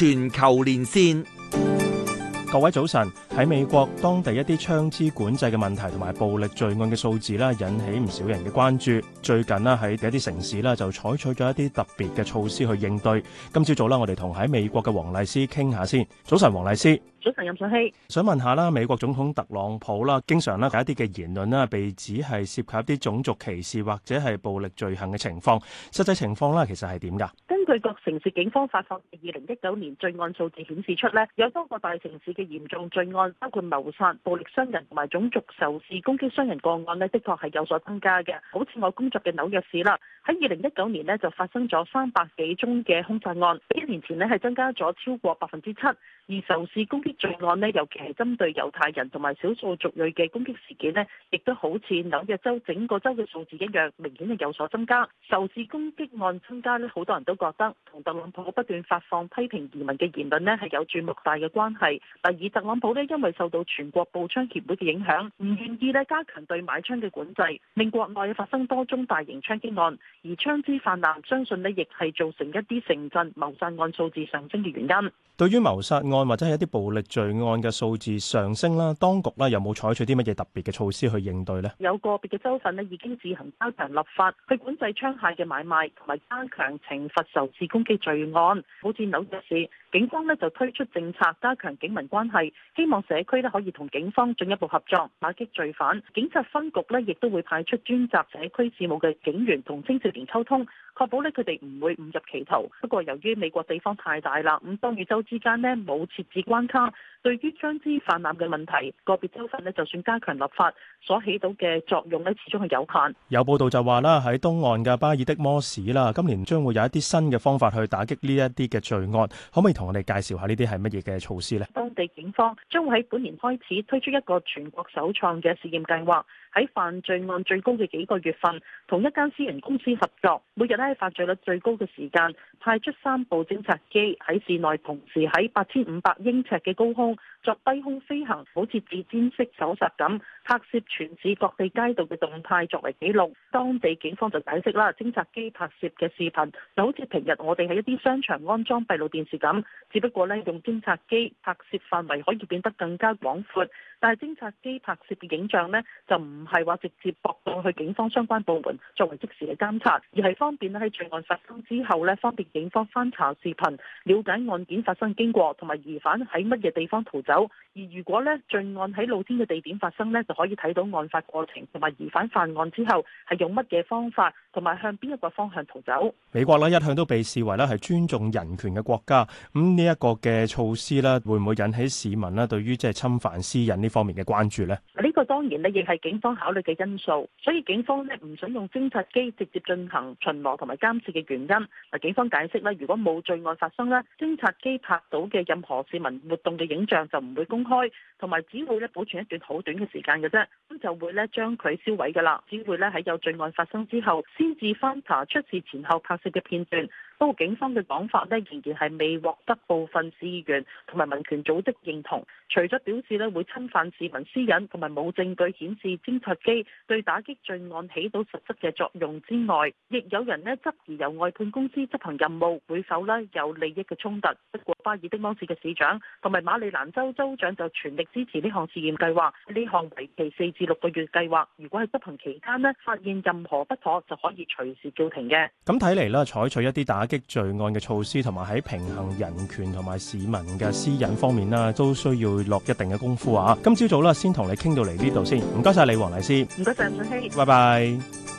全球連線，各位早晨！喺美國當地一啲槍支管制嘅問題同埋暴力罪案嘅數字啦，引起唔少人嘅關注。最近啦，喺一啲城市啦，就採取咗一啲特別嘅措施去應對。今朝早啦，我哋同喺美國嘅黃麗施傾下先。早晨，黃麗施。早晨，任順熙。想問下啦，美國總統特朗普啦，經常啦有一啲嘅言論啦，被指係涉及一啲種族歧視或者係暴力罪行嘅情況。實際情況啦，其實係點噶？根據各城市警方發放嘅二零一九年罪案數字顯示出呢，有多個大城市嘅嚴重罪案，包括謀殺、暴力傷人同埋種族仇視攻擊傷人個案呢，的確係有所增加嘅。好似我工作嘅紐約市啦，喺二零一九年呢就發生咗三百幾宗嘅凶殺案，比一年前呢係增加咗超過百分之七。而仇視攻擊罪案呢，尤其係針對猶太人同埋少數族裔嘅攻擊事件呢，亦都好似紐約州整個州嘅數字一樣，明顯係有所增加。仇視攻擊案增加呢，好多人都覺得同特朗普不斷發放批評移民嘅言論呢係有著莫大嘅關係。第二，特朗普呢，因為受到全國步槍協會嘅影響，唔願意呢加強對買槍嘅管制，令國內發生多宗大型槍擊案，而槍支泛濫，相信呢亦係造成一啲城鎮謀殺案數字上升嘅原因。對於謀殺案，或者係一啲暴力罪案嘅數字上升啦，當局咧有冇採取啲乜嘢特別嘅措施去應對呢？有個別嘅州份呢已經自行修訂立法，去管制槍械嘅買賣，同埋加強懲罰仇視攻擊罪案，好似紐約市。警方呢就推出政策，加強警民關係，希望社區呢可以同警方進一步合作，打擊罪犯。警察分局呢亦都會派出專責社區事務嘅警員同青少年溝通，確保呢佢哋唔會誤入歧途。不過由於美國地方太大啦，咁州與州之間呢冇設置關卡。對於槍支泛濫嘅問題，個別州份咧，就算加強立法，所起到嘅作用咧，始終係有限。有報道就話啦，喺東岸嘅巴爾的摩市啦，今年將會有一啲新嘅方法去打擊呢一啲嘅罪案。可唔可以同我哋介紹下呢啲係乜嘢嘅措施呢？當地警方將會喺本年開始推出一個全國首創嘅試驗計劃，喺犯罪案最高嘅幾個月份，同一間私人公司合作，每日咧喺犯罪率最高嘅時間，派出三部偵察機喺市內同時喺八千五百英尺嘅高空作低空飛行，好似指尖式手術咁，拍攝全市各地街道嘅動態作為記錄，當地警方就解釋啦，偵察機拍攝嘅視頻，就好似平日我哋喺一啲商場安裝閉路電視咁，只不過呢用偵察機拍攝範圍可以變得更加廣闊，但係偵察機拍攝嘅影像呢，就唔係話直接駁到去警方相關部門作為即時嘅監察，而係方便喺罪案發生之後呢，方便警方翻查視頻，了解案件發生經過同埋疑犯喺乜嘢地方逃走，而如果呢，罪案喺露天嘅地點發生呢，就。可以睇到案發過程同埋疑犯犯案之後係用乜嘢方法，同埋向邊一個方向逃走。美國咧一向都被視為咧係尊重人權嘅國家，咁呢一個嘅措施咧會唔會引起市民咧對於即係侵犯私隱呢方面嘅關注咧？呢個當然咧亦係警方考慮嘅因素，所以警方咧唔想用偵察機直接進行巡邏同埋監視嘅原因。嗱，警方解釋咧，如果冇罪案發生咧，偵察機拍到嘅任何市民活動嘅影像就唔會公開，同埋只會咧保存一段好短嘅時間嘅啫，咁就會咧將佢銷毀噶啦，只會咧喺有罪案發生之後先至翻查出事前後拍攝嘅片段。 不過警方嘅講法咧，仍然係未獲得部分市議員同埋民權組織認同。除咗表示咧會侵犯市民私隱，同埋冇證據顯示偵察機對打擊罪案起到實質嘅作用之外，亦有人咧質疑由外判公司執行任務會否咧有利益嘅衝突。不過巴爾的摩市嘅市長同埋馬里蘭州州長就全力支持呢項試驗計劃。呢項為期四至六個月計劃，如果係執行期間咧發現任何不妥，就可以隨時叫停嘅。咁睇嚟咧，採取一啲打擊擊罪案嘅措施，同埋喺平衡人權同埋市民嘅私隱方面啦，都需要落一定嘅功夫啊！今朝早啦，先同你傾到嚟呢度先，唔該晒黃麗施，唔該晒順熙，拜拜。